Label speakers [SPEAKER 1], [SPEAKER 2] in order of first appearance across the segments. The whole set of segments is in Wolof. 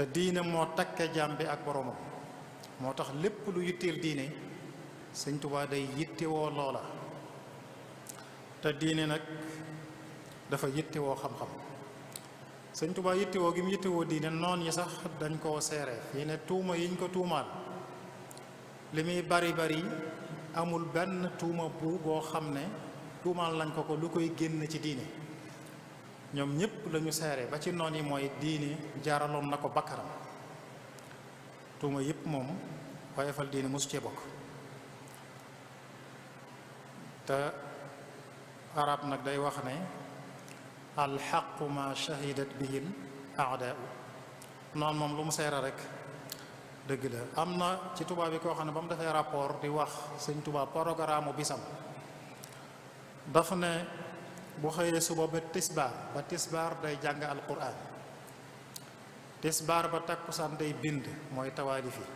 [SPEAKER 1] te diine moo takke jaam bi ak boromam moo tax lépp lu yitteel diine sëñ Tuubaa day yittewoo loola te diine nag dafa yittewoo xam-xam sëñ Tuubaa yittewoo gi mu yittewoo diine noon yi sax dañ koo seere fii ne tuuma yiñ ko tuumaal li muy bari bari amul benn tuuma bu boo xam ne tuumaal lañ ko ko lu koy génn ci diine ñoom ñëpp lañu seere ba ci noon yi mooy diine jaaraloon na ko bakkaram tuuma yëpp moom woyefal diine mosu cee bokk te arab nag day wax ne alxaqu ma shahidat bihil aadaa noonu moom lu mu seere rek dëgg la am na ci tubaab yi koo xam ne ba mu defee rapport di wax sëñ tubaab programme bisam daf ne bu xëyee suba ba tisbaar ba tisbaar day jàng alquran tisbaar ba takkusaan day bind mooy tawaalif yi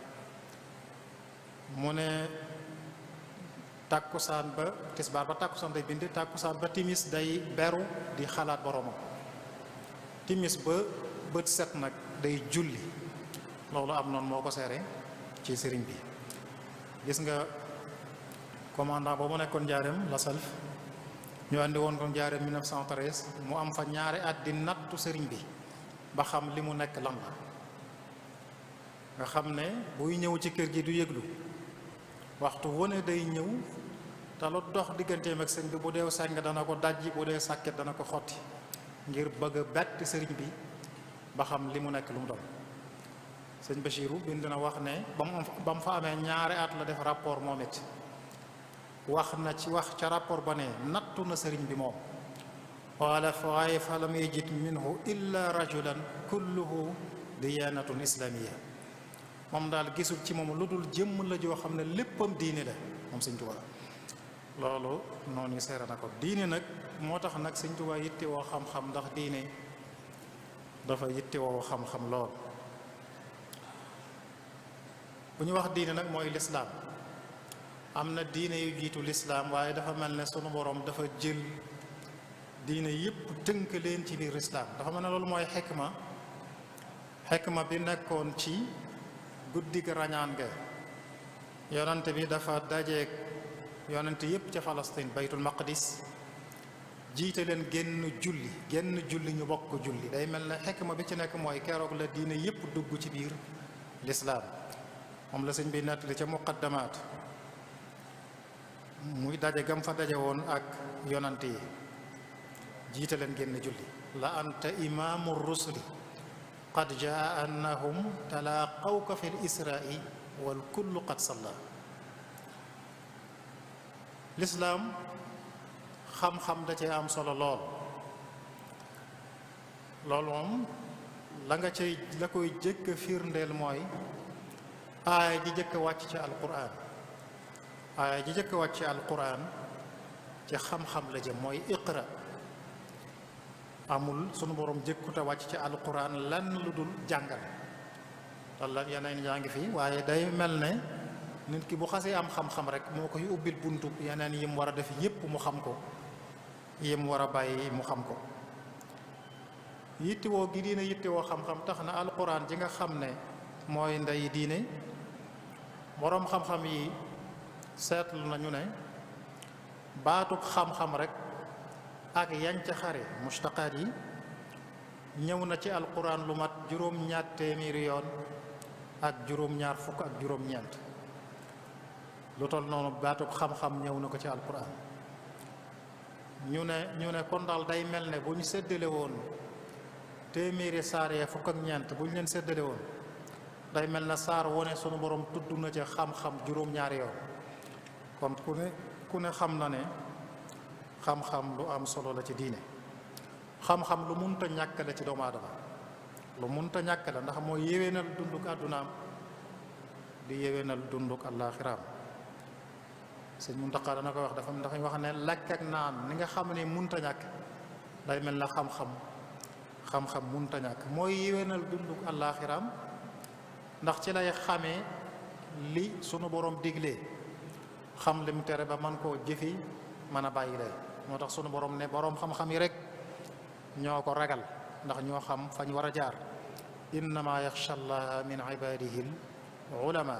[SPEAKER 1] mu ne tàkkusaan ba tisbaar ba tàkkusaan day bind tàkkusaan ba timis day beru di xalaat boromam timis ba bët set nag day julli loolu am noonu moo ko seere ci sëriñ bi gis nga commandant ba mu nekkoon njaareem la ñu andi woon ko jaaree 1913 mu am fa ñaari at di nattu sëriñ bi ba xam li mu nekk lan la nga xam ne buy ñëw ci kër gi du yëglu waxtu wane day ñëw te lu dox digganteem ak sëñ bi bu dee sàng dana ko dajji bu dee sàkket dana ko xotti ngir bëgg a bett sëriñ bi ba xam li mu nekk lu mu doon sëñ Bachirou bind na wax ne ba mu ba mu fa amee ñaari at la def rapport moo it wax na ci wax ca rapport ba ne nattu na sëriñ bi moom qaala fa waaye fa lam yajid minhu illa rajulan kulluhu diyanatun islamiya moom daal gisul ci moom lu dul jëmm la joo xam ne léppam diine la moom sëñ Tuubaa loolu noonu seera na ko diine nag moo tax nag sëñ Tuubaa yitte woo xam-xam ndax diine dafa yitte woo xam-xam lool bu ñu wax diine nag mooy lislaam am na diine yu jiitu lislaam waaye dafa mel ne sunu boroom dafa jël diine yépp tënk leen ci biir lislaam dafa mel ne loolu mooy xikma xikma bi nekkoon ci guddi rañaan ga yonent bi dafa dajeeg yonent yépp ci Palestine baytul maqdis jiite leen génn julli génn julli ñu bokk julli day mel ne xikma bi ci nekk mooy keroog la diine yépp dugg ci biir lislaam moom la sëñ bi nettali ca muqaddamaat muy daje gam fa daje woon ak yonant yi jiite leen génn julli la anta imaamu rusuli qad jaa annahum talaaqawka fi l israai wal kullu qad salla lislaam xam-xam da cee am solo lool loolu moom la nga cay la koy jëkk firndeel mooy aaya ji jëkk wàcc ci alquran aaya ji jëkk wàcc alquran ci xam-xam la jëm mooy iqra amul sunu borom jëkkute wàcc ci alquran lan lu dul jàngal walla yeneen yaa ngi fi waaye day mel ne nit ki bu xasee am xam-xam rek moo koy ubbil buntu yeneen yim war a def yépp mu xam ko yim war a bàyyi mu xam ko yittewoo gi diine yittewoo xam-xam tax na alquran ji nga xam ne mooy ndey diine boroom xam-xam yi seetlu ñu ne baatub xam-xam rek ak yan ca xare mustaqaat yi ñëw na ci alquran lu mat juróom-ñaar téeméeri yoon ak juróom-ñaar fukk ak juróom-ñeent lu toll noonu baatub xam-xam ñëw na ko ci alquran ñu ne ñu ne kon daal day mel ne bu ñu séddale woon téeméeri saar yee fukk ak ñeent bu ñu leen séddale woon day mel na saar wone sunu boroom tudd na ci xam-xam juróom-ñaari yoon kon ku ne ku ne xam na ne xam-xam lu am solo la ci diine xam-xam lu munta ñàkk la ci doomu aadama lu munta ñàkk la ndax mooy yéwénal dunduk àddunaam di yéwénal dunduk àllaaxiraam sëñ Muntaxa dana ko wax dafa dafa wax ne lekk ak naan ni nga xam ne munta ñàkk day mel na xam-xam xam-xam munta ñàkk mooy yéwénal dunduk àllaaxiraam ndax ci lay xame li sunu borom diglee xam lim tere ba man koo jëfi man a bàyyi lay moo tax suñu borom ne boroom xam-xam yi rek ñoo ko ragal ndax ñoo xam fañ war a jaar innama yaxsha allaha min ibadihil ulama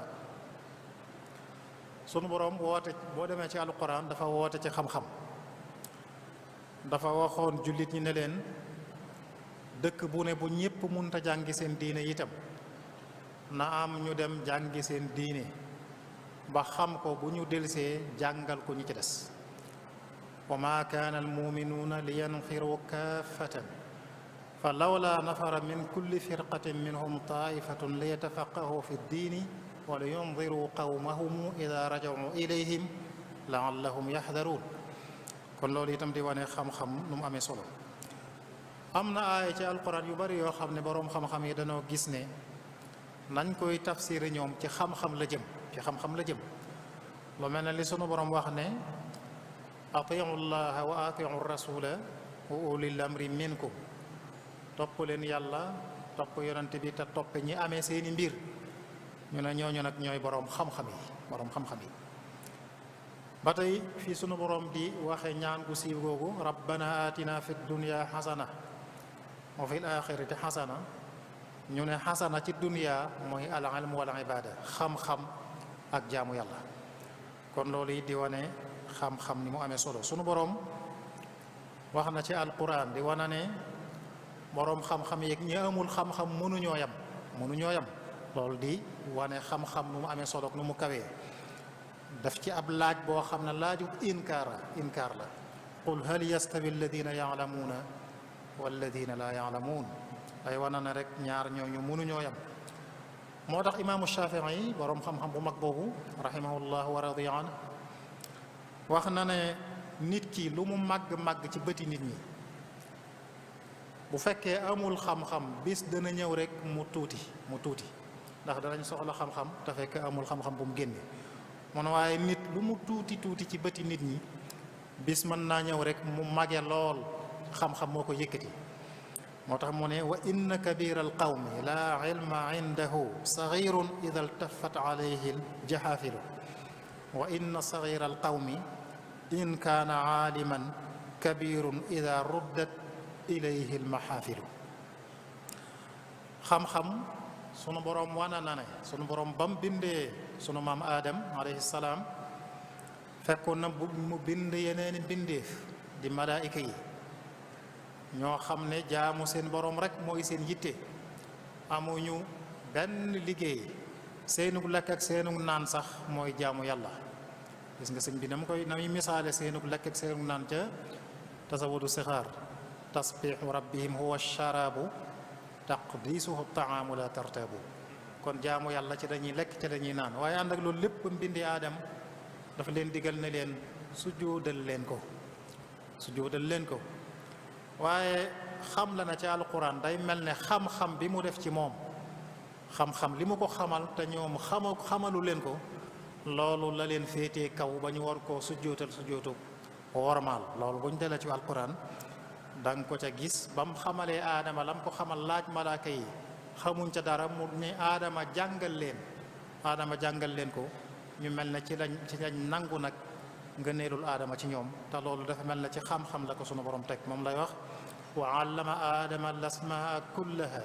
[SPEAKER 1] sunu boroom woote boo demee ci alquran dafa woote ci xam-xam dafa waxoon jullit ñi ne leen dëkk bu ne bu ñépp munta jàngi seen diine itam na am ñu dem jàngi seen diine ba xam ko bu ñu delsee jàngal ko ñi ci des wa ma kaana almuminuuna li yanfiru kaafatan fa lawla nafara min kulli firqatin minhum taifatun li yatafaqahu fi ddiini wa li yundiru qawmahum ida rajau ilayhim laallahum yaxdaruun kon loolu itam di wane xam-xam nu mu amee solo am na aaya ci alquran yu bari yoo xam ne boroom xam-xam yi dañoo gis ne nañ koy tafsir ñoom ci xam-xam la jëm ci xam-xam la jëm lu mel ne li sunu boroom wax ne atiu llaha wa atiu rasula wa ulil amri minkum topp leen yàlla topp yonante bi te topp ñi amee seeni mbir ñu ne ñooñu nag ñooy boroom xam-xam yi boroom xam-xam yi ba tey fii sunu boroom di waxe ñaan gu siiw googu rabbana atina fi dunya xasana wa fi l xasana ñu ne xasana ci dunya mooy al ilm wal ibada xam-xam ak jaamu yàlla kon loolu it di wane xam-xam ni mu amee solo sunu boroom wax na ci alquran di wane ne boroom xam-xam yeeg ñi amul xam-xam mënuñoo yam mënuñoo yam loolu di wane xam-xam nu mu amee solo nu mu kawee def ci ab laaj boo xam ne laaju inkaara inkaar la qul hal yastawi alladina yaalamuuna walladina laa yaalamuun ay wane na rek ñaar ñooñu mënuñoo yam moo tax imaamu Shafii boroom xam-xam bu mag boobu rahimahullah wa radiya an wax na ne nit ki lu mu màgg-màgg ci bëti nit ñi bu fekkee amul xam-xam bis dana ñëw rek mu tuuti mu tuuti ndax danañ soxla xam-xam te fekk amul xam-xam bu mu génne man waaye nit lu mu tuuti tuuti ci bëti nit ñi bis mën naa ñëw rek mu mage lool xam-xam moo ko yëkkati moo tax mu ne wa inna kabira alqawmi la ilma indahu saxirun ida ltafat alayhi jaxaafilu wa inna saxira in kaana aaliman kabirun ida ruddat ilayhi almaxaafilu xam-xam sunu borom wana na ne sunu boroom bam bindee sunu maam aadam alayhi salaam fekkoon na mu bind yeneeni di malaayika ñoo xam ne jaamu seen boroom rek mooy seen yitte amuñu benn liggéey seenug lekk ak seenug naan sax mooy jaamu yàlla gis nga sëñ bi na mu koy na muy misaale seenug lekk ak seenug naan ca tasawudu sixaar tasbiixu rabbihim huwa sharaabu taqdisuhu taamu la tartabu kon jaamu yàlla ci dañuy lekk ci dañuy naan waaye ànd ak loolu lépp mbindi aadam dafa leen digal na leen sujjóodal leen ko sujjóodal leen ko waaye xam la na ci alquran day mel ne xam-xam bi mu def ci moom xam-xam li mu ko xamal te ñoom xama xamalu leen ko loolu la leen féete kaw ba ñu war koo sujjootal sujjootu wormaal loolu bu ñu dela ci alquran da nga ko ca gis ba mu xamalee aadama lam ko xamal laaj malaaka yi xamuñ ca dara mu ni aadama jàngal leen aadama jàngal leen ko ñu mel ne ci lañ ci lañ nangu nag ngëneelul aadama ci ñoom te loolu dafa mel na ci xam-xam la ko sunu borom teg moom lay wax wa allama aadama lasmaa kullaha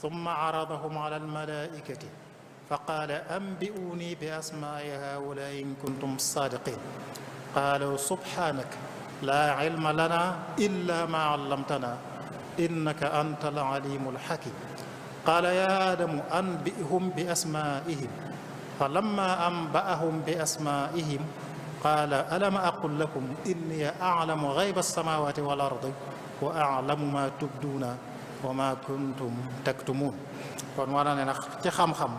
[SPEAKER 1] summa aradahum ala almalaikati fa qaala ambi'uuni bi asmaai haula in kuntum saadiqin qaalu subhaanaka laa ilma lana illa maa allamtana innaka anta alalimu alxakim qaala ya aadamu anbi'hum bi asmaa'ihim fa lamma anba'ahum bi asmaa'ihim qaala alama aqul lakum inni a'lamu ghayba as-samawati wal ardi wa a'lamu ma tubduuna wa ma kuntum taktumuun kon war na ne nag ci xam-xam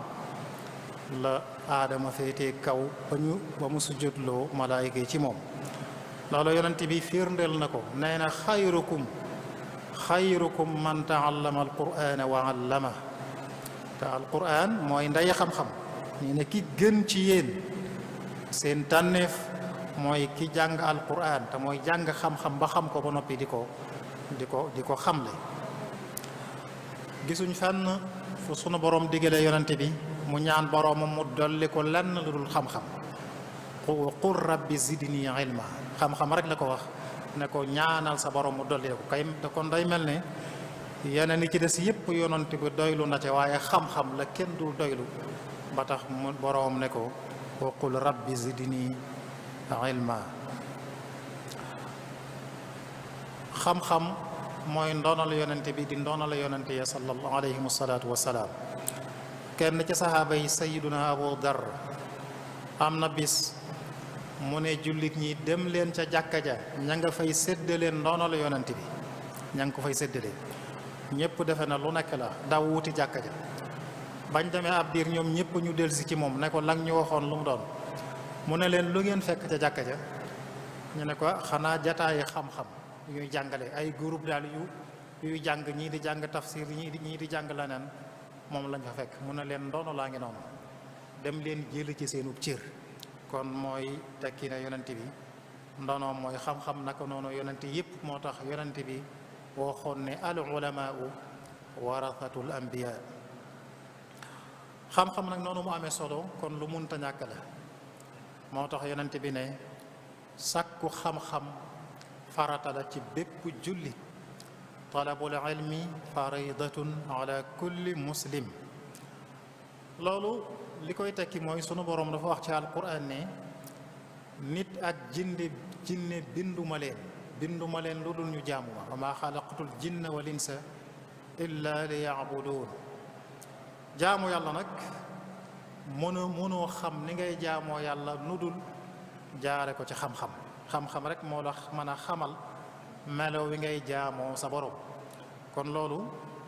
[SPEAKER 1] la aadama féetee kaw ba ñu ba mu sujjotloo malaayika yi ci moom loolu yonent bi firndeel na ko nee na xayrukum xayrukum man taallama alqur'ana wa allama te alqur'an mooy ndey xam-xam nee na ki gën ci yéen seen tànneef mooy ki jàng alquran te mooy jàng xam-xam ba xam ko ba noppi di ko di ko di ko xamle gisuñ fenn fu sunu borom digale yonante bi mu ñaan boromam mu dolli ko lenn lu dul xam-xam wa qul rabbi zidni ilma xam-xam rek la ko wax ne ko ñaanal sa boroom mu dolli ko kay kon day mel ne yeneen yi ci des yépp yonante bi doylu na ca waaye xam-xam la kenn dul doylu ba tax mu borom ne ko wa qul rabbi zidni ilma xam-xam mooy la yonente bi di ndoonal yonente ya sallallahu alayhi wa salaatu wa salaam kenn ci saxaaba yi sayiduna abu dar am na bis mu ne jullit ñi dem leen ca jàkka ja ña nga fay séddale la yonente bi ña nga ko fay séddale ñépp defe na lu nekk la daw wuti jàkka ja bañ demee ab diir ñoom ñëpp ñu dellusi ci moom ne ko lang ñu waxoon lu mu doon mu ne leen lu ngeen fekk ca jàkka ja ñu ne ko xanaa jataay xam-xam ñuy jàngale ay groupe daal yu yuy jàng ñii di jàng tafsir ñii di ñii di jàng leneen moom lañ fa fekk mun na leen ndono laa ngi noonu dem leen jël ci seenub cër kon mooy tekki ne yonent bi ndono mooy xam-xam naka noonu yonent yëpp moo tax yonent bi waxoon ne al ulamaau warasatul ambiya xam-xam nag noonu mu amee solo kon lu munta ñàkk la moo tax yonent bi ne sàkku xam-xam farata ci bépp jullit talabul ilmi faridatun ala kulli muslim loolu li koy tekki mooy sunu boroom dafa wax ci alquran ne nit ak jinde jinne binduma leen binduma leen lu dul ñu jaamu ma wa maa xalaqatul jinna wal insa li yaabuduun jaamu yàlla nag mënu mënoo xam ni ngay jaamoo yàlla dul jaare ko ci xam-xam xam-xam rek moo la mën a xamal melo wi ngay jaamoo sa borom kon loolu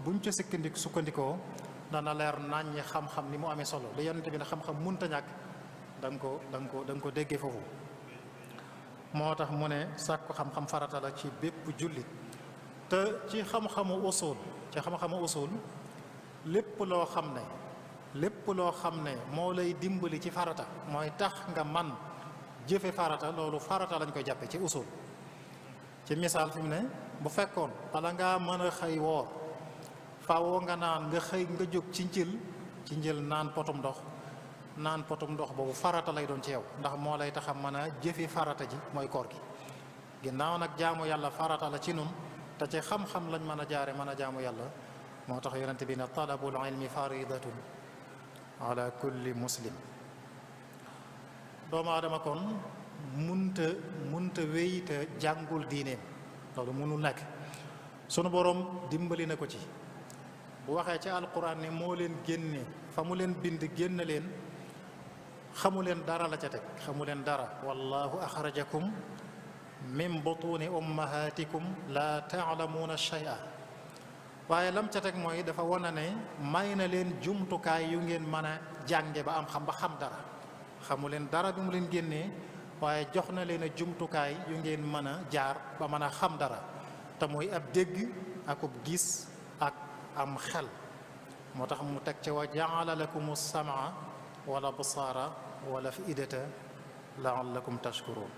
[SPEAKER 1] buñ ci sukkandik sukkandikoo dana leer nàññi xam-xam ni mu amee solo li yonente bi ne xam-xam munta ñàkk da nga ko da ko déggee foofu moo tax mu ne sàkku xam-xam farata la ci bépp jullit te ci xam-xamu usul ci xam-xamu usul lépp loo xam ne lépp loo xam ne moo lay dimbali ci farata mooy tax nga man jëfe farata loolu farata lañ koy jàppe ci usul ci misaal fi mu ne bu fekkoon bala ngaa mën a xëy woor fawoo nga naan nga xëy nga jóg ci njël ci njël naan potum ndox naan potum ndox boobu farata lay doon ci yow ndax moo lay tax a mën a jëfe farata ji mooy koor gi ginnaaw nag jaamu yàlla farata la ci nun te ci xam-xam lañ mën a jaare mën a jaamu yàlla moo tax yonent bi ne talabul ilmi faridatun ala kulli muslim doomu aadama kon munta munta wéy te jàngul diineem loolu nag nekk sunu boroom dimbali na ko ci bu waxee ci alquran ne moo leen génne fa mu leen bind génn leen xamu leen dara la ca teg xamu leen dara wallahu axrajakum min butuni ummahatikum la taalamuuna shay'a waaye lam ca teg mooy dafa wane ne may na leen jumtukaay yu ngeen mën a jànge ba am xam ba xam dara xamu leen dara du mu leen génne waaye jox na leen jumtukaay yu ngeen mën a jaar ba mën a xam dara te mooy ab dégg akub gis ak am xel moo tax mu teg ca wa jaala lakum samaa wala absaara wala afidata laallakum tashkuruun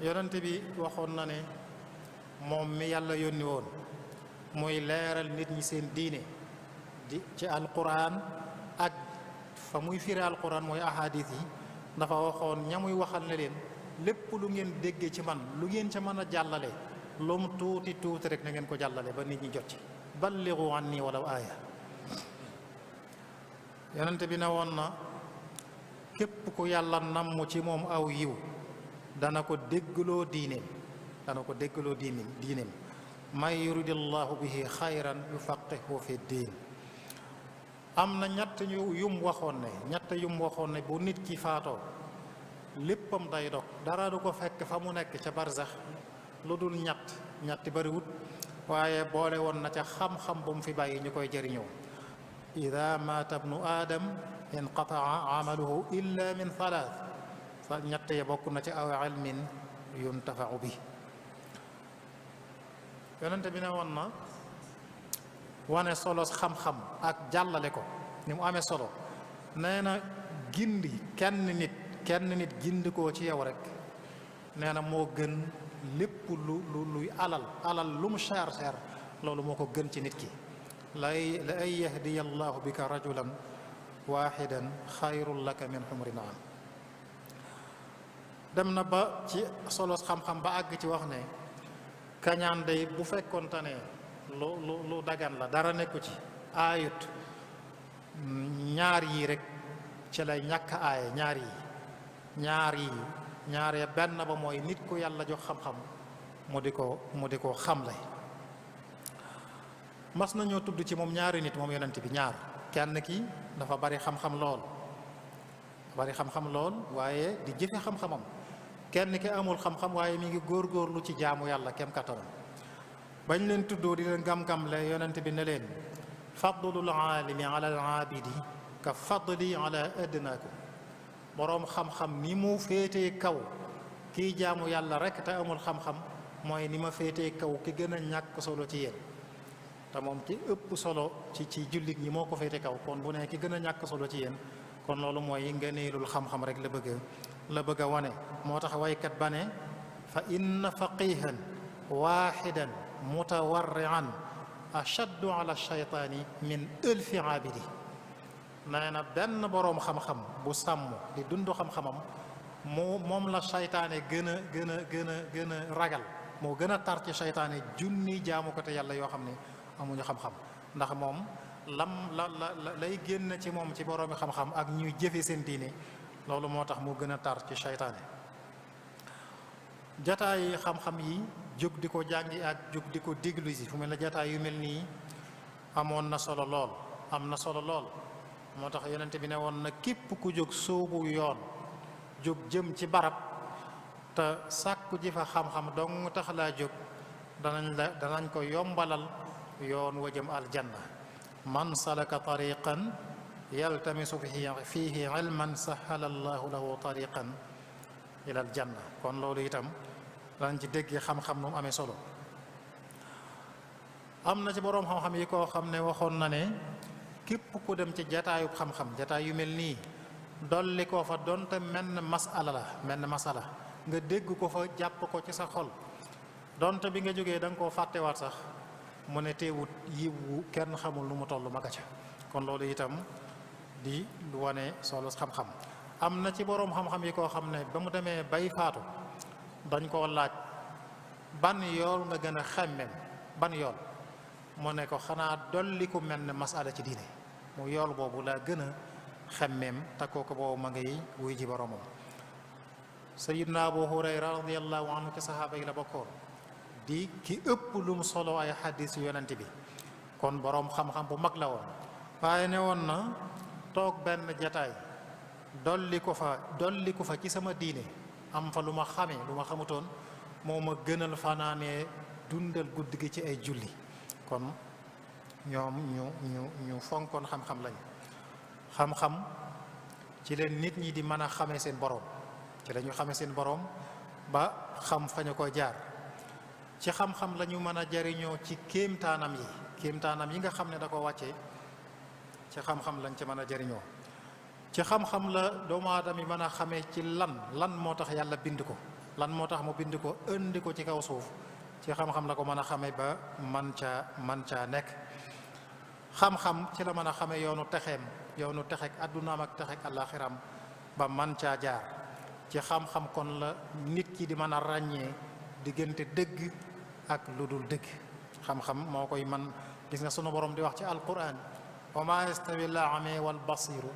[SPEAKER 1] yonente bi waxoon na ne moom mi yàlla yónni woon mooy leeral nit ñi seen diine ji ci alquran ak fa muy firi alquran mooy ahadis yi dafa waxoon ñamuy waxal ne leen lépp lu ngeen déggee ci man lu ngeen ca mën a jàllale lu mu tuuti tuuti rek na ngeen ko jàllale ba nit ñi jot ci balligu anni walaw aaya yonente bi ne woon na képp ku yàlla namm ci moom aw yiw dana ko déggloo diineem dana ko déggloo diineem diineem man yuridillahu bihi xayran yufaqihu fi diin am na ñett yu yum waxoon ne ñett yum waxoon ne bu nit ki faatoo léppam day dog dara du ko fekk fa mu nekk ca barzax lu dul ñett ñetti bariwut waaye boole woon na ca xam-xam bu mu fi bàyyi ñu koy jëriñoo ida maata bnu aadam inqataa amaluhu illa min bokk na ci aw bi yonente bi ne won na wane solo xam-xam ak jàllale ko ni mu amee solo nee na gindi kenn nit kenn nit gindi koo ci yow rek nee na moo gën lépp lu luy alal alal lu mu cher cher loolu moo ko gën ci nit ki lay la ay yahdiya allahu bika rajulan waaxidan xayrun laka min xumri dem na ba ci solos xam-xam ba àgg ci wax ne kañaan day bu fekkoonte ne lu lu dagan la dara nekku ci aayut ñaar yi rekk ci lay ñàkk aaye ñaar yi ñaar yi ñaar benn ba mooy nit ku yàlla jox xam-xam mu di ko mu di ko xamle mas nañoo tudd ci moom ñaari nit moom yonent bi ñaar kenn ki dafa bari xam-xam lool bari xam-xam lool waaye di jëfe xam-xamam kenn ki amul xam-xam waaye mi ngi góor góorlu ci jaamu yàlla kem kattanam bañ leen tuddoo di leen gam-gam le yonent bi ne leen fadlul aalimi ala al aabidi ka fadli boroom xam-xam ni mu féete kaw kiy jaamu yàlla rek te amul xam-xam mooy ni ma féetee kaw ki gën a ñàkk solo ci yéen te moom ci ëpp solo ci ci jullit ñi moo ko féete kaw kon bu ne ki gën a ñàkk solo ci yéen kon loolu mooy ngëneelul xam-xam rek la bëgg la bëgg a wane moo tax waykat ba ne fa inna faqihan waaxidan mutawarrian ashaddu ala shaytaani min ëlfi aabidi nee na benn boroom xam-xam bu sàmm di dund xam-xamam mu moom la seytaane gën a gën a gën a gën a ragal moo gën a tar ci seytaane junni jaamu ko te yàlla yoo xam ne amuñu xam-xam ndax moom lam la la lay génn ci moom ci boroomi xam-xam ak ñuy jëfe seen diine loolu moo tax mu gën a tar ci seytaane jataay xam-xam yi jóg di ko jàngi ak jóg di ko déglu si fu mel ne jataay yu mel nii amoon na solo lool am na solo lool moo tax yenent bi ne woon na képp ku jóg soobu yoon jóg jëm ci barab te sàkku ji fa xam-xam dong tax laa jóg danañ la danañ ko yombalal yoon wa jëm aljanna man salaka tariqan tamit yaltamisu fihi ilman sahala allahu lahu tariqan ilal janna kon loolu itam danañ ci déggee xam-xam nu mu amee solo am na ci boroom xam-xam yi koo xam ne waxoon na ne képp ko dem ci jataayub xam-xam jataay yu mel nii dolli koo fa donte menn masala la menn masala nga dégg ko fa jàpp ko ci sa xol donte bi nga jógee da nga koo fàttewaat sax mu ne teewut yiwu kenn xamul lu mu toll ma ca kon loolu itam di wane solo xam-xam am na ci boroom xam-xam yi koo xam ne ba mu demee bay faatu dañ koo laaj ban yool nga gën a xemmeem ban yool mu ne ko xanaa dolli ku mel ni masala ci diine mu yool boobu laa gën a xemmeem te kooku boobu ma ngi wuy ji boroomam sayidna abu hurayra radiallahu anhu ci saxaaba yi la bokkoon di ki ëpp lu mu solo ay xadis yonent bi kon boroom xam-xam bu mag la woon waaye ne woon na toog benn jataay dolli ko fa dolli ko fa ci sama diine am fa lu ma xamee lu ma xamutoon moo ma gënal fanaanee dundal guddi gi ci ay julli kon ñoom ñu ñu ñu fonkoon xam-xam lañu xam-xam ci leen nit ñi di mën a xame seen boroom ci la ñu seen boroom ba xam fañu ko jaar ci xam-xam la ñu mën a jariñoo ci kéemtaanam yi kéemtaanam yi nga xam ne da ko wàccee ci xam-xam lañ ci mën a jariñoo ci xam-xam la doomu aadama yi mën a xamee ci lan lan moo tax yàlla bind ko lan moo tax mu bind ko indi ko ci kaw suuf ci xam-xam la ko mën a xamee ba man caa man caa nekk xam-xam ci la mën a xamee yoonu texeem yoonu texek addunaam ak texek àllaaxiram ba man caa jaar ci xam-xam kon la nit ki di mën a ràññee diggante dëgg ak lu dul dëgg xam-xam moo koy man gis nga sunu borom di wax ci alquran wa ma yastawi al-a'ma wal-basiru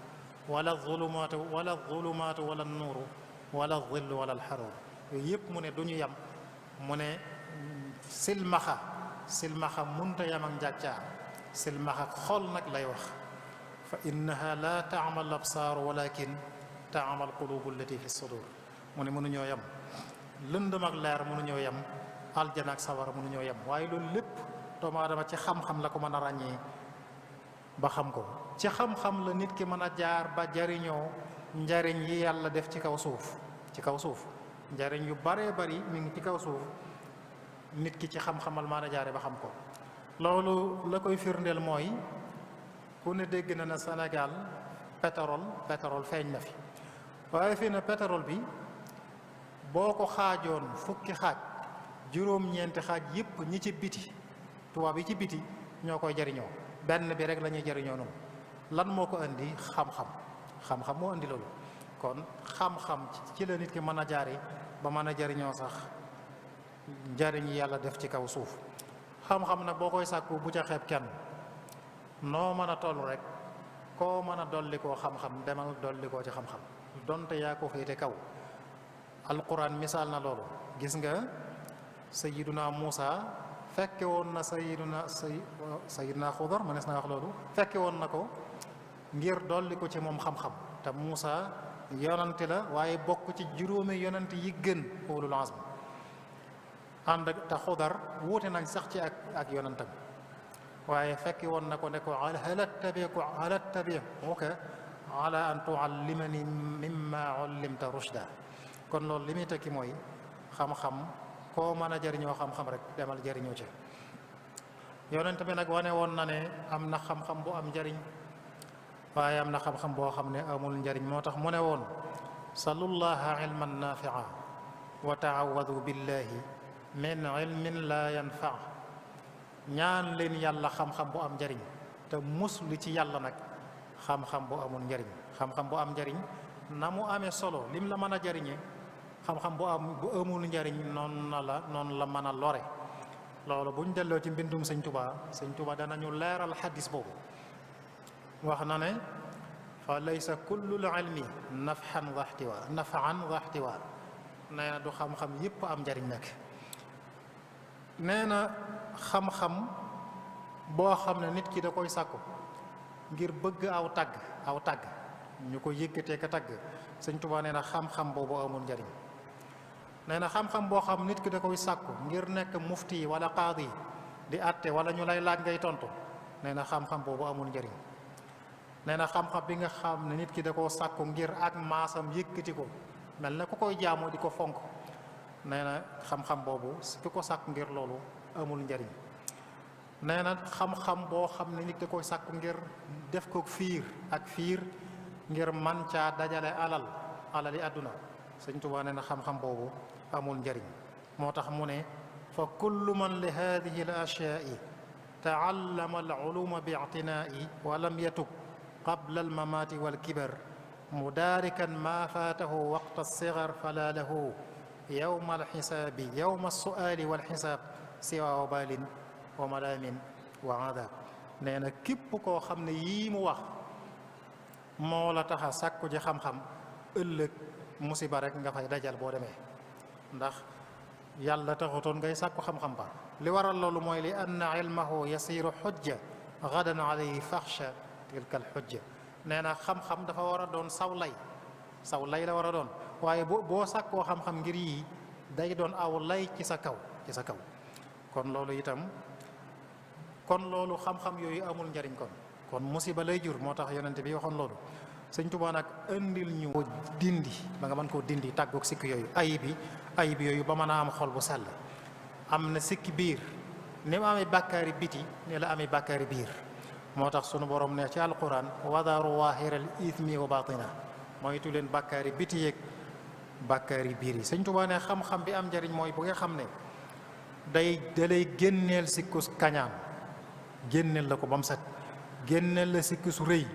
[SPEAKER 1] wala zulumatu wala zulumatu wala nuuru wala zillu wala alxaruur yooyu yëpp mu ne du ñu mu ne silmaxa silmaxa munta yem ak njàccaar silmaxa xol nag lay wax fa innaha la taama al absaar walakin taama al qulubu allati fi sudur mu ne mënuñoo yem lëndëm ak leer mënuñoo yem aljana ak sawara mënuñoo yem waaye loolu lépp doomu aadama ci xam-xam la ko mën a ràññee ba xam ko ci xam-xam la nit ki mën a jaar ba jariñoo njariñ yi yàlla def ci kaw suuf ci kaw suuf njariñ yu baree bari mu ngi ci kaw suuf nit ki ci xam-xamal maa jaare ba xam ko loolu la koy firndeel mooy ku ne dégg na na Sénégal pétrole pétrole feeñ na fi waaye fii na pétrole bi boo ko xaajoon fukki xaaj juróom-ñeenti xaaj yépp ñi ci biti tubaab yi ci biti ñoo koy jariñoo benn bi rek la ñuy jariñoo noonu lan moo ko indi xam-xam xam-xam moo indi loolu kon xam-xam ci la nit ki mën a jaari ba mën a jariñoo sax njariñ yàlla def ci kaw suuf xam-xam nag boo koy sàkku bu ca xeeb kenn noo mën a toll rek koo mën a dollikoo xam-xam demal dollikoo ci xam-xam donte yaa ko féete kaw alquran misaal na loolu gis nga sayyiduna Muusa fekke woon na sayiduna say sayiduna xudar mënees naa wax loolu fekke woon na ko ngir dolli ko ci moom xam-xam te Muusa yonante la waaye bokk ci juróomi yonante yi gën ulul azm ànd ak te xudar wuute nañ sax ci ak ak yonantam waaye fekki woon na ko ne ko alattabi ko alattabi uka ala an tuallimani mimma ullimta rushda kon loolu li muy tekki mooy xam-xam koo mën a jëriñoo xam-xam rek demal jëriñoo ci yonent bi nag wane woon na ne am na xam-xam bu am njariñ waaye am na xam-xam boo xam ne amul njariñ moo tax mu ne woon salullaha ilman nafia wa taawadu billahi min ilmin la yanfa ñaan leen yàlla xam-xam bu am njariñ te muslu ci yàlla nag xam-xam bu amul njariñ xam-xam bu am njariñ na mu amee solo lim la mën jariñe xam-xam bu am bu amul njariñ noonu la noonu la mën a lore loolu bu ñu delloo ci mbindum sëñ tubaa sëñ tubaa danañu leeral xadis boobu wax na ne fa laysa kullul ilmi nafxan waxtiwaa du xam-xam yépp am njariñ nag nee na xam boo xam ne nit ki da koy sàkku ngir bëgg aw tàgg aw tàgg ñu ko yëkkatee ka tagg sëñ tubaa nee na xam-xam boobu amul njariñ nee na xam-xam boo xam nit ki da koy sàkku ngir nekk mufti wala yi di àtte wala ñu lay laaj ngay tontu nee na xam-xam boobu amul njariñ nee na xam-xam bi nga xam ne nit ki da koo sàkku ngir ak maasam yëkkati ko mel na ku koy jaamu di ko fonk nee na xam boobu ki ko sàkku ngir loolu amul njëriñ nee na xam-xam boo xam ne nit da koy sàkku ngir def ko fiir ak fiir ngir man caa dajale alal alali àdduna sëñ Tuubaa nee na xam-xam boobu amul njariñ moo tax mu ne fa kullu man li hadihi al ashyaai taallama al uluma bi ictinaa'i wa lam yatub qabla al mamaati wal kibar mudaarikan maa faatahu waqta alsigar fala lahu yowma alxisaabi yowma alsuaali walxisaab siwa wabalin wa malaamin wa adab nee na képp koo xam ne yii mu wax moo la taxa sàkku ji xam-xam ëllëg musiba rek nga fay dajal boo demee ndax yàlla taxutoon ngay sàkku xam-xam ba li waral loolu mooy li anna ilmahu yasiru xujja gadan alayhi faxsha tilka alxujja nee na xam dafa war a doon saw lay saw lay war a doon waaye boo boo sàkkoo xam-xam ngir yii day doon aw lay ci sa kaw ci sa kaw kon loolu itam kon loolu xam yooyu amul njariñ kon kon musiba lay jur moo tax yonent bi waxoon loolu sëñ Tuubaa nag indil ñu ko dindi ba nga mën koo dindi tàggoog sikk yooyu ayib yi ayib yooyu ba mën a am xol bu sell am na sikki biir ni mu amee bàkkaari biti ne la amee bàkkaari biir moo tax sunu borom ne ci alquran wadaaru waahiral ithmi wa batina moytu leen bàkkaari biti yeeg bàkkaari biir yi sëñ Tuubaa ne bi am njariñ mooy bu nga xam ne day dalay génneel sikku kañaan génneel la ko ba mu set génneel la sikku su rëy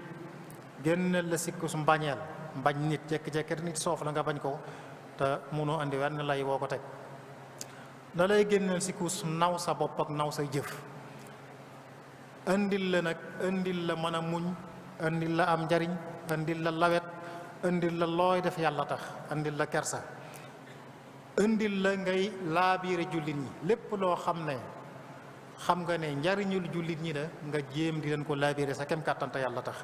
[SPEAKER 1] génneel la sikku su mbañeel mbañ nit jekki-jekki nit soof la nga bañ ko te mënoo indi wenn lay woo ko teg da lay génneel sikku su naw sa bopp ak naw say jëf indil la nag indil la mën a muñ indi la am njariñ indil la lawet indi la looy def yàlla tax indil la kersa indil la ngay laabiire jullit yi lépp loo xam ne xam nga ne njariñul jullit ñi la nga jéem di leen ko laabiire sa kem kàttante yàlla tax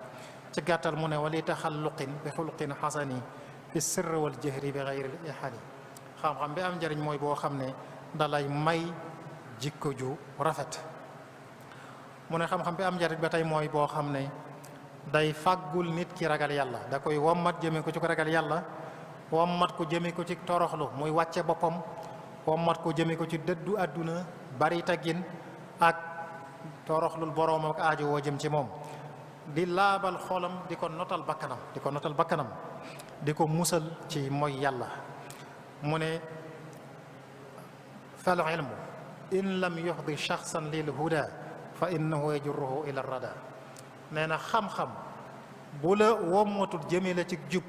[SPEAKER 1] ci gàttal mu ne wali taxalluqin bi xulqin xasani fi sirr wal jahri bi xayri ihani xam bi am njëriñ mooy boo xam ne dalay may jikko ju rafet mu ne xam-xam bi am njariñ ba tey mooy boo xam ne day fàggul nit ki ragal yàlla da koy wommat jëmee ko ci ko ragal yàlla wommat ko jëmee ko ci toroxlu muy wàcce boppam wommat ko jëmee ko ci dëddu àdduna bari teggin ak toroxlul boroom ak aajo woo jëm ci moom di laabal xolam di ko notal bakkanam di ko notal bakkanam di ko musal ci mooy yàlla mu ne fal ilmu in lam yuxdi shaxsan lil huda fa innahu yajurruhu ila rada nee na xam-xam bu la wommatul jëme la ci jub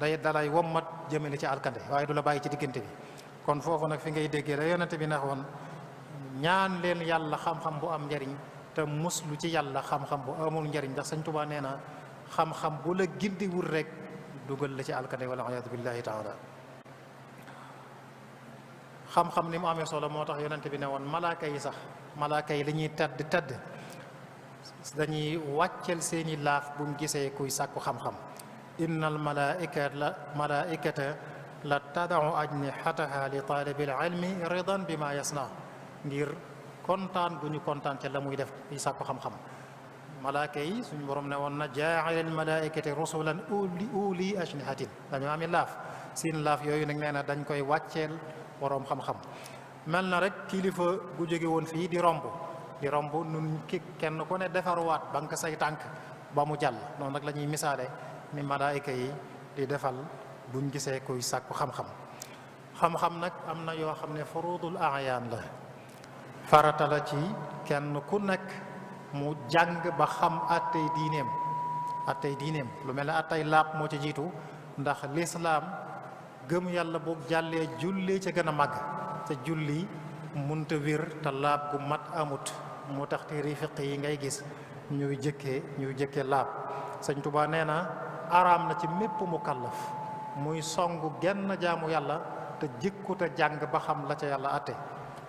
[SPEAKER 1] day dalay wommat jëme la ci alkande waaye du la bàyyi ci diggante bi kon foofu nag fi ngay déggee la yonente bi neex woon ñaan leen yàlla xam-xam bu am njariñ te muslu ci yàlla xam-xam bu amul njariñ ndax sañ Tuubaa nee na xam-xam bu la gindiwul rek dugal la ci alkane wala ayaatu billahi ni mu amee solo moo tax yonente bi ne woon malaaka yi sax malaaka yi dañuy tàdd tàdd dañuy wàccel seeni laaf bu mu gisee kuy sàkku xam-xam innal malaaika la malaaikata la tadau ajnihataha li taalibil ilmi ridan bi ma ngir kontaan gu ñu kontaan ca la muy def di sàkku xam-xam malaaka yi suñu borom ne woon na jaaxilal malaikati rusulan uli uli ajnihatin dañoo ami laaf seen laaf yooyu nag nee na dañ koy wàcceel boroom xam-xam mel na rek kilifa gu jóge woon fii di romb di romb nun kenn ku ne defarwaat ba nga say tànk ba mu jàll noonu nag la ñuy misaale ni malaayika yi di defal buñ gisee kuy sàkku xam-xam xam-xam nag am na yoo xam ne furudul ayaan la faratala ci kenn ku nekk mu jàng ba xam attey diineem attey diineem lu mel ne attey laab moo ci jiitu ndax lislaam gëm yàlla boog jàllee julli ca gën a màgg te julli munta wér te laab gu mat amut moo tax téere fiq yi ngay gis ñuy jëkkee ñuy jëkkee laab sëñ Tuba nee na araam na ci mépp mu kàllaf muy song genn jaamu yàlla te jëkku jàng ba xam la ca yàlla atte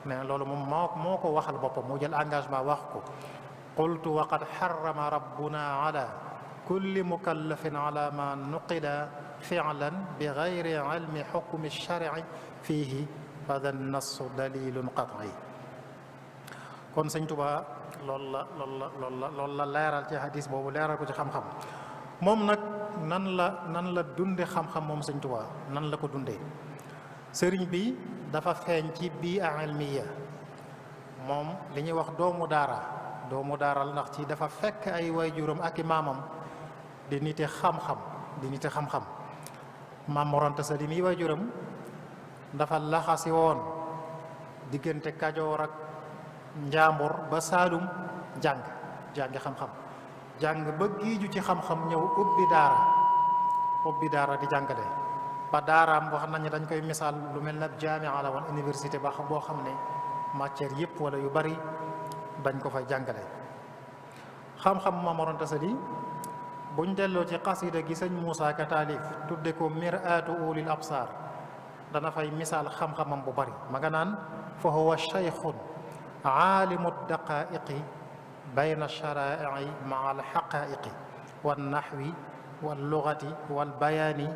[SPEAKER 1] nee na loolu moom moo moo ko waxal boppam mu jël engagement wax ko qultu wa qad xarama rabbuna ala kulli mukallafin ala ma nuqida filan bi gayri ilmi xukmi lsharci fiihi hada nassu dalilun qat'i kon sëñ Tuba loolu la loolu la loolu la la leeral ci hadis boobu leeral ko ci xam moom nag nan la nan la dunde xam moom sëñ nan la ko dunde bi dafa feeñ ci bii almiya moom li ñuy wax doomu daara doomu daara la ndax ci dafa fekk ay waajuram ak i maamam di nite xam-xam di nite xam-xam maam Mor Anta Sali mi dafa laxasi woon diggante Kajoor ak Njaambur ba Saalum jàng jàngi xam-xam jàng ba giiju ci xam-xam ñëw ubbi daara ubbi daara di jàngale ba daaraam wax nañu dañ koy misaal lu mel na jaamia la woon université ba boo xam ne matière yëpp wala yu bari dañ ko fay jàngale xam-xam Maamoroon Tasali buñ delloo ci xasida gi sëñ Moussa Ka taalif tudde ko miraatu ulil absar dana fay misaal xam-xamam bu bari ma nga naan fa huwa cheykhun aalimu daqaiqi bayna sharaii maa alxaqaiqi wa naxwi wal lugati wal bayaani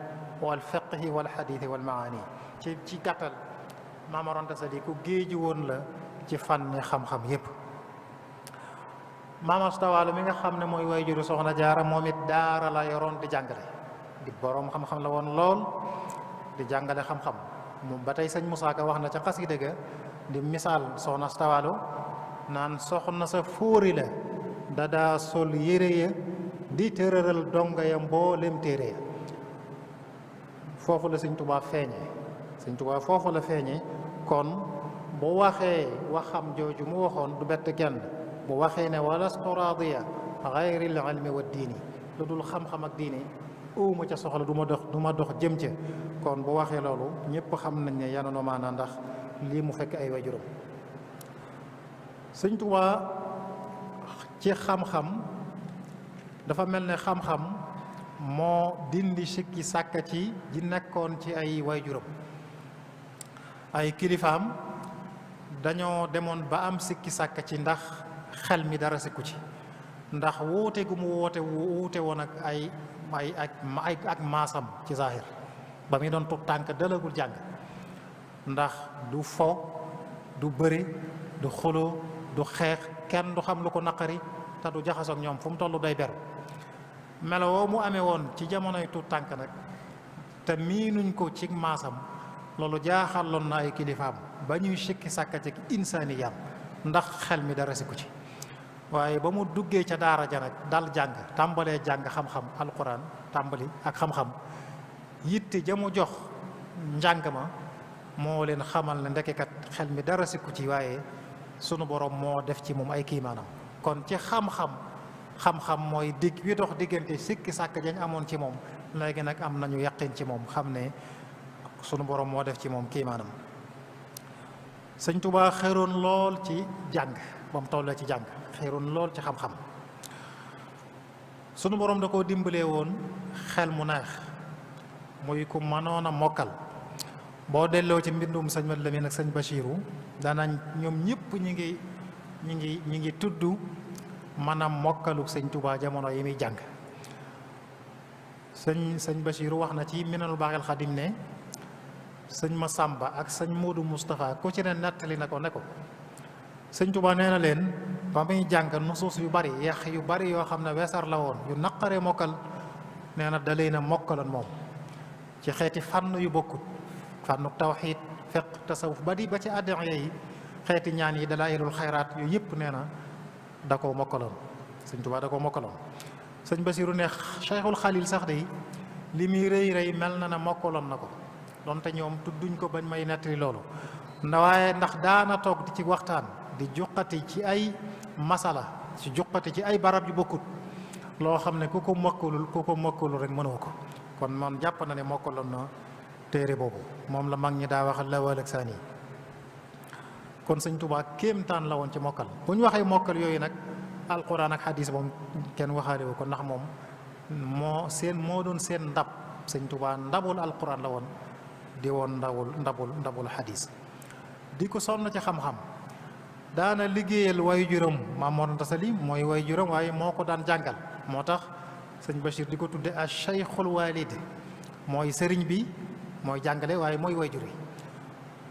[SPEAKER 1] wal fiqhi wal xadiisi wal maani ci ci gàttal Maam Mor Anta ku géeju woon la ci fànni xam-xam yépp Maam Asta Waalo nga xam ne mooy waajuru Soxna Jaara moom it daara la yoroon di jàngale di boroom xam-xam la woon lool di jàngale xam-xam moom ba tey sëñ Moussa wax na ca xasida ga di misaal Soxna sa fóori la da yére ya di tërëral donga ya mboolem téere ya foofu la sëñ tubaa feeñee sëñ tubaa foofu la feeñe kon bu waxee xam jooju mu waxoon du bett kenn bu waxee ne walastu raadiya xayril ilmi wa diini lu dul xam-xam ak diine uuma ca soxla du ma dox du ma dox jëm ca kon bu waxee loolu ñépp xam nañ ne yanano maanaa ndax lii mu fekk ay wajuram sëñ tubaa ci xam-xam dafa mel ne xam-xam moo dindi sikki sàkka ci ji nekkoon ci ay waajuram ay kilifaam dañoo demoon ba am sikki sàkka ci ndax xel mi dara sikku ci ndax woote gu mu woote wuute woon ak ay ay ak maasam ci zahir ba muy doon tub tànk dalagul jàng ndax du fo du bëri du xuloo du xeex kenn du xam lu ko naqari te du jaxasoog ñoom fu mu toll day beru melowoo mu amee woon ci jamonoy tuut tànk nag te miinuñ ko ci maasam loolu jaaxaloon na ay kilifaam ba ñuy sikki sàkka ci insaani yam ndax xel mi dara si ko ci waaye ba mu duggee ca daara ja nag dal jàng tàmbalee jàng xam-xam alquran tàmbali ak xam-xam yitte ja mu jox njàng ma moo leen xamal ne ndekekat xel mi dara si ko ci waaye sunu borom moo def ci moom ay kiimaanam kon ci xam-xam xam-xam mooy dig wi dox diggante sikki sàkk jañ amoon ci moom léegi nag am nañu yàqin ci moom xam ne sunu boroom moo def ci moom kiimaanam sëñ Tuubaa xeroon lool ci jàng ba mu tollee ci jàng xeroon lool ci xam sunu boroom da koo dimbalee woon xel mu neex muy ku mënoon a mokkal boo delloo ci mbindum sëñ Mat Lamin ak sëñ Bachiru danañ ñoom ñëpp ñi ngi ñi ngi ñi ngi tudd mën mokkalu mokkaluk sëñ tubaa jamono yi muy jàng sëñ sëñ Bachir wax na ci minanul baaxil xadim ne sëñ ma sàmba ak sëñ Modou Moustapha ku ci ne nattali na ko ne ko sëñ tubaa nee na leen ba muy jàng nusuus yu bari yax yu bari yoo xam ne weesar la woon yu naqaree mokkal nee na da leen a mokkaloon moom ci xeeti fànn yu bokkut fànnu tawxiid fiq tasawuf ba di ba ci àddina yi xeeti ñaan yi dalaa'ilul xayraat yu yëpp nee na da koo mokkaloon sëñ Tuubaa da koo mokkaloon sëñ Basiiru ne Cheikhul Xalil sax de li muy rëy rëy mel na ne mokkaloon na ko donte ñoom tudduñ ko bañ may nettali loolu waaye ndax daana toog di ci waxtaan di juqati ci ay masala si juqati ci ay barab yu bokkut loo xam ne ku ko mokkalul ku ko mokkalul rek mënoo ko kon man jàpp na ne mokkaloon na téere boobu moom la mag ñi daa wax la wal ak saan yi kon sëñ Tuubaa kéemtaan la woon ci mokkal bu ñu waxee mokkal yooyu nag alquran ak xadis moom kenn waxaale wu ko ndax moom moo seen moo doon seen ndab sëñ Tuubaa ndabul alquran la woon di woon ndawul ndabul ndabul xadis di ko sonn ci xam-xam daana liggéeyal wayu juróom maam Mor mooy wayu juróom waaye moo ko daan jàngal moo tax sëñ Bachir di ko tudde a cheikhul walid mooy sëriñ bi mooy jàngale waaye mooy way jur yi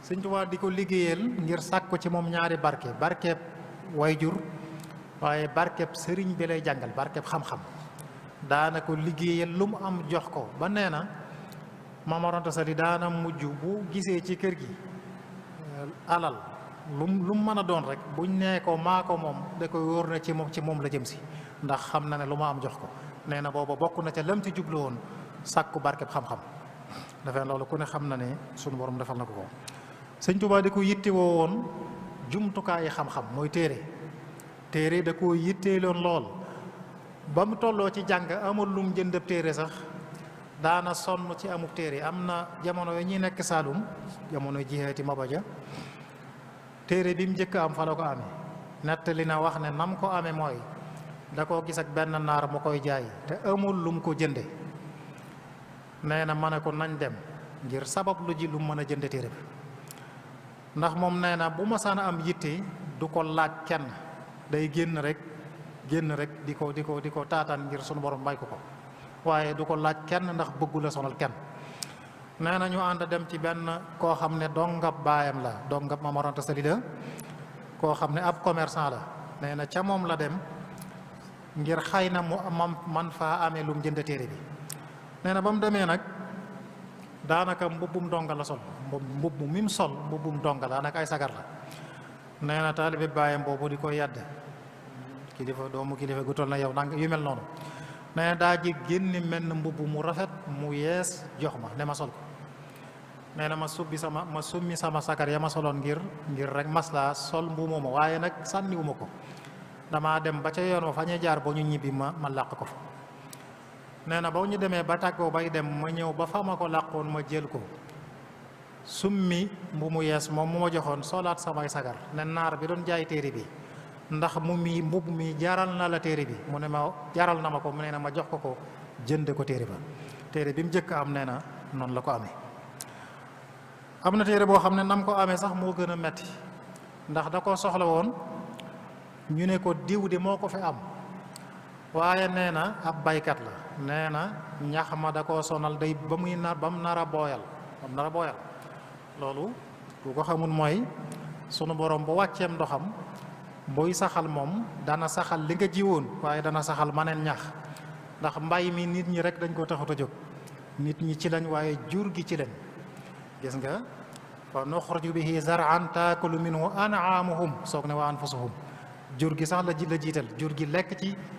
[SPEAKER 1] Sëñ Tuubaa di ko liggéeyal ngir sàkk ko ci moom ñaari barke barkeeb jur waaye barkeeb sëriñ bi lay jàngal barkeeb xam-xam daana ko liggéeyal lu mu am jox ko ba nee na mamaronta sali daana mujj bu gisee ci kër gi eh, alal lu mën a doon rek buñ nee ko maa ko moom da koy wóor na ci moom ci moom la jëm si ndax xam na ne lu ma am jox ko nee na booba bokk na ca lam ci jublu woon sàkk barkeb xam-xam dafay loolu ku ne xam na ne sunu borom defal na ko ko sëñ Tuubaa da ko yittewoo woon jumtukaayu xam-xam mooy téere téere da ko yitteeloon lool ba mu tolloo ci jàng amul lum jëndab téere sax daana sonn ci amub téere am na jamono yi ñuy nekk Saalum jamono jihaati Mabaja téere bi mu njëkk am fa la ko amee nettali na wax ne nam ko amee mooy da koo gis ak benn naar mu koy jaay te amul lum ko jënde nee na ma ne ko nañ dem ngir sabab lu ji lu mën a jënde téere bi ndax moom nee na bu masaan a am yitte du ko laaj kenn day génn rek génn rek di ko di ko di ko taataan ngir suñu borom may ko ko waaye du ko laaj kenn ndax bëggu la sonal kenn nee na ñu ànd dem ci benn koo xam ne dongab baayam la dongab Maam Mor Anta Sali koo xam ne ab commerçant la nee na ca moom la dem ngir xay na mu man man faa amee lum jënd téere bi nee na ba mu demee nag daanaka mbubbum donga la sol mbubb mbubb mi mu sol mbubbum donga la nag ay sagar la nee na taalibe bàyyam di ko yedd kilifa doomu kilifa gu toll na yow nang yu mel noonu nee daa ji génni mel na mbubb mu rafet mu yees jox ma ne ma sol ko nee ma subbi sama ma sagar ya ma soloon ngir ngir rek maslaa sol mbuumoo ma waaye nag sànniwuma ko damaa dem ba ca yoon wa fa ñuy jaar ba ñu ñibbi ma ma làq ko fa na ba ñu demee ba tàggoo bay dem ma ñëw ba fa ma ko làqoon ma jël ko summi mbu mu yees moom mu ma joxoon solaat samay sagar ne naar bi doon jaay téere bi ndax mu mii mbubb mi jaral na la téere bi mu ne ma jaral na ma ko mu ne na ma jox ko ko jënde ko téere ba téere bi mu njëkk am nee na noonu la ko amee am na téere boo xam ne nam ko amee sax moo gën a metti ndax da ko soxla woon ñu ne ko diw di moo ko fi am waaye nee na ab baykat la nee na ñax ma da koo sonal day ba muy nar ba mu nar a booyal ba mu booyal loolu ku ko xamul mooy sunu borom bu wàcceem ndoxam buy saxal moom dana saxal li nga jiwoon waaye dana saxal maneen ñax ndax mbay mi nit ñi rek dañ ko taxut jóg nit ñi ci lañ waaye jur gi ci lañ gis nga fa nuxriju bihi zar'an taakulu minhu an'aamuhum soog ne waa anfusuhum jur gi sax la jiital jur gi lekk ci